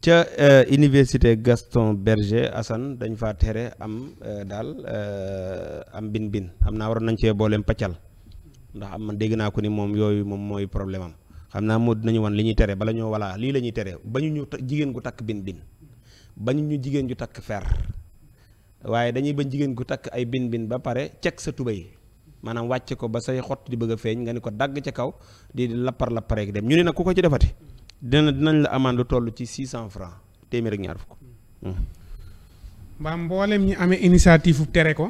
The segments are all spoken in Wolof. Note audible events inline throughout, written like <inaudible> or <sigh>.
ca euh, université Gaston Berger Assane dañ faa tere am euh, daal euh, am bin bin xam naa waroon nañ cee booleem paccal ndax am man dégg naa ko ni moom yooyu moom mooy problème am xam naa moo dinañu wan li ñuy tere bala ñoo walla lii lañuy ñuy tere bañu ñu jigéen gu takk bin bin bañu ñu jigéen ju takk fer waaye dañuy bañ jigéen gu takk ay bin ba pare cek sa tubéy maanaam wàcce ko ba say xott di bëgg feeñ nga ni ko dagg ca kaw di lapar lappareek dem ñu ne nag ku ko ci defati dina dinañ la amande lu toll ci six cent francs téeméer ak ñaar fukk. Hmm. mbaa mboolem ñi amee initiative bu tere ko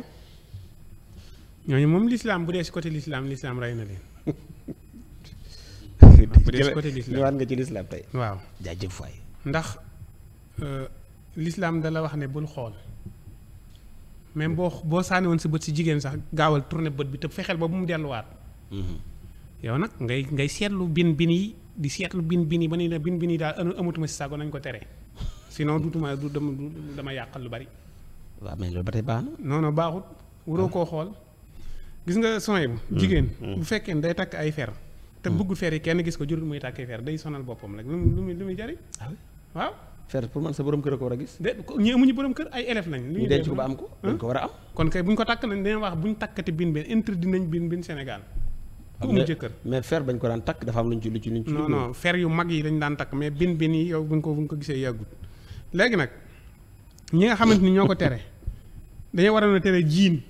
ñooñu moom lislaam bu dee si côté lislaam lislaam rey na leen. <laughs> bu dee lislaam nga ci lislaam tey. waaw jaajëf waay. ndax euh, lislaam dala wax ne bul xool même boo boo sànni woon si bët si jigéen sax gaawal tourné bët bi te fexeel ba bu mu delluwaat. Hmm. yow nag ngay ngay seetlu bin bin yi di seetlu bin bin yi ba ne bin bin yi daal amatuma si sago nañ ko tere si sinon duutuma du dama dama yàqal lu bari. waaw mais loolu ba tey baax na. non non baaxut waroo ah. koo xool gis nga son bu hmm, jigéen. Hmm. bu fekkee day takk ay fer. te hmm. bëggul fer yi kenn gis ko jurul muy takk fer day sonal boppam rek lu muy lu muy jariñ ah waaw. fer pour man sa borom kër a ko war a gis. de ñi amuñu borom kër ay élèves lañ. ñu denc ko ba am ko. Ah. dañ ko war a am. kon kay bu ñu ko takk nañ dañu wax bu ñu takkati bin bin interdit nañ bin bin Sénégal. ku amul jëkkër mais fer bañ ko daan takk dafa am luñ ci lu ci luñ ci non non fer yu mag yi dañ daan takk mais bin bin yi yow bu ko bu ñu ko gisee yàggut léegi nag ñi nga xamante ni ñoo ko tere dañoo waroon a tere jiin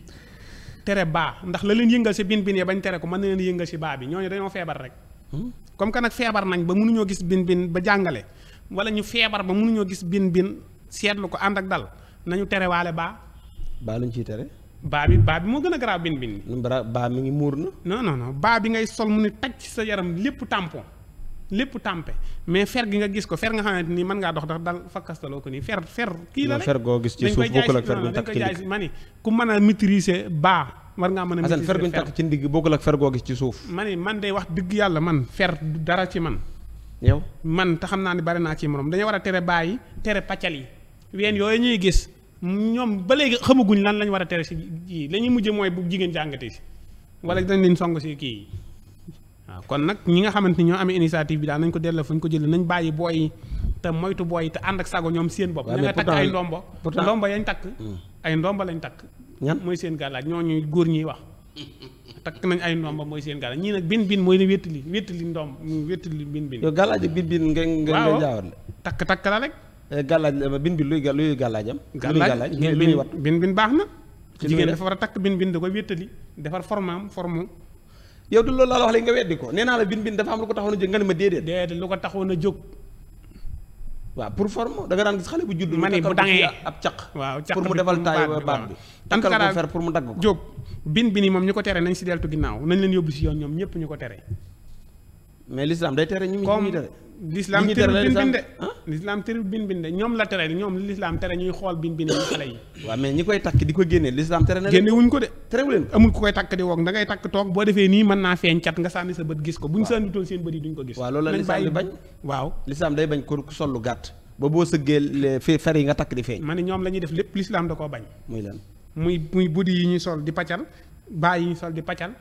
tere baa ndax la leen yëngal si bin bin bañ tere ko mën na leen yëngal si baa bi ñooñu dañoo feebar rek hmm? comme que nag feebar nañ ba mënuñoo gis bin bin ba jàngale wala ñu feebar ba mënuñoo gis bin bin seetlu ko ànd ak dal nañu terewaale baa baa luñ ciy tere baa bi baa bi moo gën a garaaw bin bin bi baa mi ngi muur na non non baa bi ngay sol mu ne taj sa yaram lépp tampon lépp tàmpe mais fer gi nga gis ko fer nga xamante ni mën ngaa dox dax dal fakkastaloo ko nii fer fer kii la rek fer goo gis ci suuf bokkul ak fer guñ takk ci ndigg ma a maîtriser baa war ngaa mën a maîtriser ci ndigg bokkul ak fer goo gis ci suuf ma ni man day wax dëgg yàlla man fer dara ci man yow man te xam naa ni bari naa ci moroom dañoo war a tere baa yi tere paccal yi ween yooyu ñuy gis ñoom ba léegi xamaguñ lan lañu war a tere si kii la ñuy mujj mooy bu jigéen jàngatee si wala dañ leen song si kii waaw kon nag ñi nga xamante ni ñoo amee initiative bi daal nañ ko delloo fu ñu ko jëlee nañ bàyyi booy te moytu booy te ànd ak sago ñoom seen bopp. waaw nga takk ay ndombo. ndombo yañ takk. Hmm. ay ndombo lañ takk. ñan mooy seen ñoo ñooñu góor ñiy wax. takk nañ ay ndomba mooy seen gàllaaj ñii nag bin bin mooy ne wétali wétali ndomb wétali bin bin. yow gàllaaj ak bin bin nga nga jaawale. takk takk la rek. Eh, gàllaaj eh, bin bin luy luy gàllaajam gàllaaj luy wat bin bin baax na jigéen dafa war a takk bin bin da koy wéttali defar formaam formu yow du loolu laa la wax léegi nga weddi ko nee naa la bin bin dafa am lu ko taxoon a jóg nga ne ma déedéet déedéet a jóg waaw pour forme danga daan gis xale bu judd ma ne bu dangee ab caq waaw caq pour mu defal taay baat bi takkal ko fer pour mu dagg ko jóg bin bin yi moom ñu ko tere nañ si deltu ginnaaw nañ leen yóbbu si yoon ñoom ñëpp ñu ko tere mais l'islam day tere ñu ñu tere l'islam tere bin bin lislaam terewul bin bin de ñoom la tere ñoom lislaam tere ñuy xool bin bin ko génne lislaam tere na génne wuñ ko de terewu leen boo defee nii mën naa feeñ cat nga sànni sa bët gis ko buñ sànnitoon seen boo sëggee fi fer yi nga takk di feeñ ma ne ñoom la ñuy def lépp lislaam da koo bañ muy lan muy muy buddi di paccal baay yi ñuy sol di paccal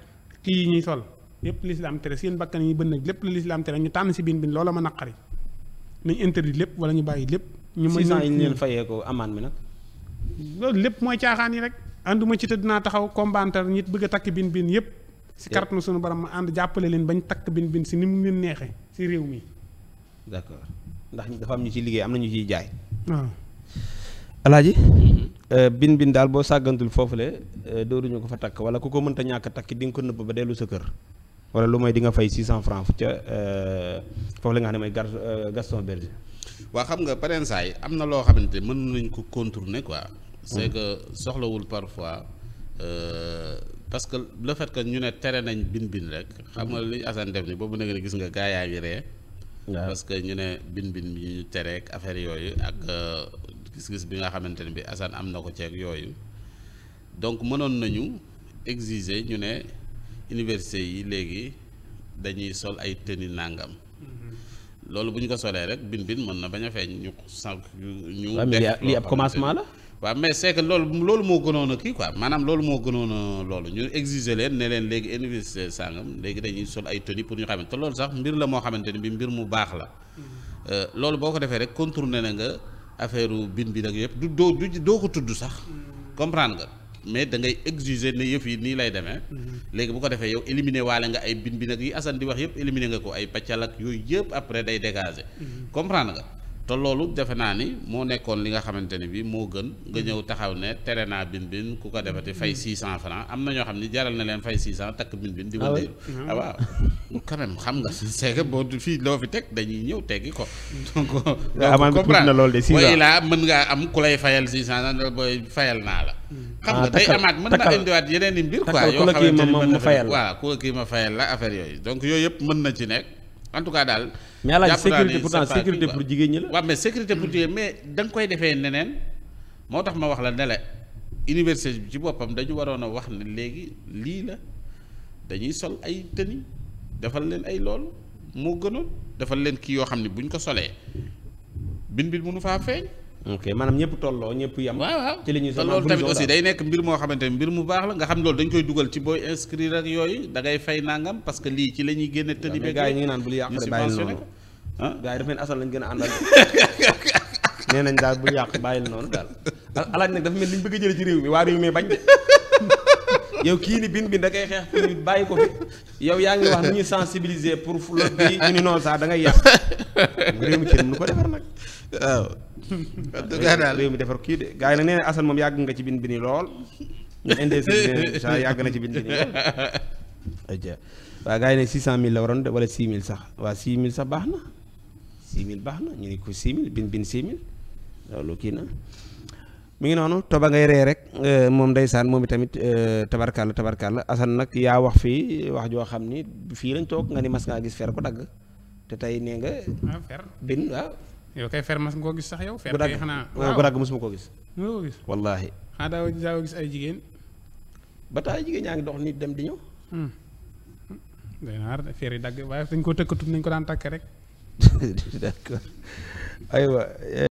kii yi ñuy sol lépp lislaam tere seen yi bën nag lépp lislaam tere ñu tànn si bin bin loola ma naqari nañ interdit lépp wala ñu bàyyi lépp. ñu mën six yi ñu leen fayee ko amaan mi nag. loolu lépp mooy caaxaan yi rek ànduma ci te dinaa taxaw combattre nit bëgg a takk bin bin yëpp. si kàttanu suñu baram ma ànd jàppale leen bañ takk bin bind si ni mu leen neexee si réew mi. d'accord ndax dafa am ñu ciy liggéey am na ñu ciy jaay. waaw. Alaaji. Mm-hmm. Euh, bin bin daal boo sàggantul foofule euh, dooruñu ko fa takk wala ku ko mënta ñàkk takk di nga ko nëbb ba dellu sa kër. wala lu mooy di nga fay 600 francs ca euh, foofu la nga xam ne mooy euh, Gaston Berger. waa xam nga beneen saa am na loo xamante mën nañ ko contourner quoi. c'est hmm. que soxlawul parfois euh, parce que le fait que ñu ne tere nañ bin bin rek. xam nga li Assane def ni boobu nag gis nga gaa yaa ngi ree parce que ñu ne bin bin bi ñu tere ak affaire yooyu ak gis-gis bi nga xamante ne bi Assane am na ko ceeg yooyu donc mënoon nañu exiger ñu ne. université yi léegi dañuy sol ay tëni nangam mm-hmm. loolu bu ñu ko solee rek bin bin mën na bañ a feeñ ñu sànq ñu. lii ab commencement la. waaw mais c'est que loolu loolu moo gënoon a kii quoi maanaam loolu moo gënoon a loolu ñu exiger leen ne leen léegi université sàngam léegi dañuy sol ay tenue pour ñu xamante te loolu sax mbir la moo xamante ni bi mbir mu baax la. Mm-hmm. Euh, loolu boo ko defee rek contourné na nga affaire bin bi nag yëpp du doo du doo ko tudd sax. Mm-hmm. comprendre nga. mais da ngay exiger ne yëf yi nii lay demee. Mhm. léegi bu ko defee yow éliminer waale nga ay bin bin ak yi Assane di wax yëpp éliminer nga ko ay pàccal ak yooyu yëpp après day dégager. Mhm. comprendre nga te loolu defe naa ni moo nekkoon li nga xamante ni bi moo gën nga ñëw taxaw ne tere naa bin bin ku ko defati fay 600 mm. francs am na ñoo xam ne jaral na leen fay 600 takk bin bin di ma ah, ah, ah waaw xam nga <laughs> c'est que boo fii loo fi teg dañuy ñëw teggi ko mm. donc ah, comprendre waaye laa mën am ku lay fayal 600 booy fayal naa la mm. xam nga day amaat mën na indiwaat yeneen i mbir quoi yoo xamante ni fayal waaw ku la kii ma fayal la affaire yooyu donc yooyu yëpp mën na ci nekk en tout cas daal. mais alaaj sécurité pourtant sécurité pour jigéen ñi la. waaw mais sécurité pour jigéen mais danga koy defee neneen moo tax ma wax la ne la bi ci boppam dañu waroon a wax ne léegi lii la dañuy sol ay tëni defal leen ay loolu moo gënoon defal leen kii yoo xam ne bu ñu ko solee bin bin mënu faa feeñ. ok maanaam ñëpp tolloo ñëpp yam waaw waaw ci li ñuy tamit aussi day nekk mbir moo xamante ni mbir mu baax la nga xam loolu dañ koy dugal ci booy inscrire ak yooyu da ngay fay nangam parce que lii ci la ñuy génne tëni beeg gars yi ñu ngi naan bul yàq de bàyyil noonu ah gars yi dafa mel asal lañ gën <laughs> daal bul yàq bàyyil noonu daal alaaj nag dafa mel liñ bëgg a jële ci réew mi waa réew mi bañ de <laughs> yow kii ni bin bin da koy xeex pour bàyyi ko fi yow yaa ngi wax nu ñu sensibiliser pour flot bi ñu ni noonu sax da ngay yàq <laughs> réew mi ci nu ko defar nag waaw. <laughs> réew mi defar kii de gars yi nag nee na moom yàgg nga ci bin bini lool. ñu indee si sa yàgg na ci bin bini lool. <laughs> ajja waaw gars yi ne 600000 la waroon wala 6000 sax waa 6000 sax baax na. 6000 baax na ñu ne ko 6000 bin bin 6000 loolu kii na. mu ngi noonu toba ngay ree rek euh, moom ndeysaan moom itamit euh, tabarkalla tabarkalla Assane nag yaa wax fii wax joo xam ni fii lañ toog nga ni mas ngaa gis fer ko dagg te tey nee nga. Ah, yow kay fer mas nga koo gis sax yow. fer kay xanaa waaw bu dagg mosuma koo gis. mosuma koo gis wallaahi. xanaa daaw daaw gis ay jigéen. ba taay jigéen ñaa ngi dox nit dem di ñëw. Hmm. day naar fer yi dagg waaye dañ ko tëkkatut nañ ko daan takk rek. <laughs>